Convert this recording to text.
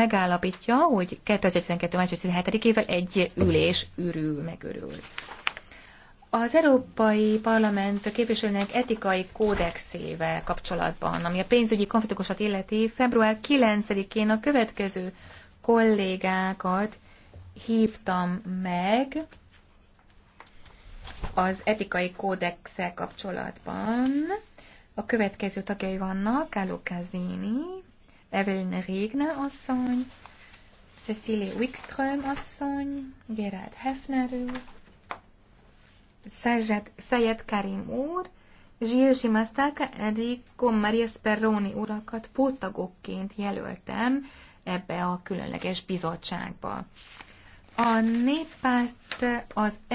megállapítja, hogy 2012. március 17-ével egy ülés ürül, megörül. Az Európai Parlament képviselőnek etikai kódexével kapcsolatban, ami a pénzügyi konfliktusokat illeti, február 9-én a következő kollégákat hívtam meg az etikai kódexel kapcsolatban. A következő tagjai vannak Kálló Kazini, Evelyn Régne asszony, Cecily Wikström asszony, Gerard Hefner úr, Szajed Karim úr, Zsírsi Simasztáka, Enrico Maria Sperroni urakat pótagokként jelöltem ebbe a különleges bizottságba. A néppárt az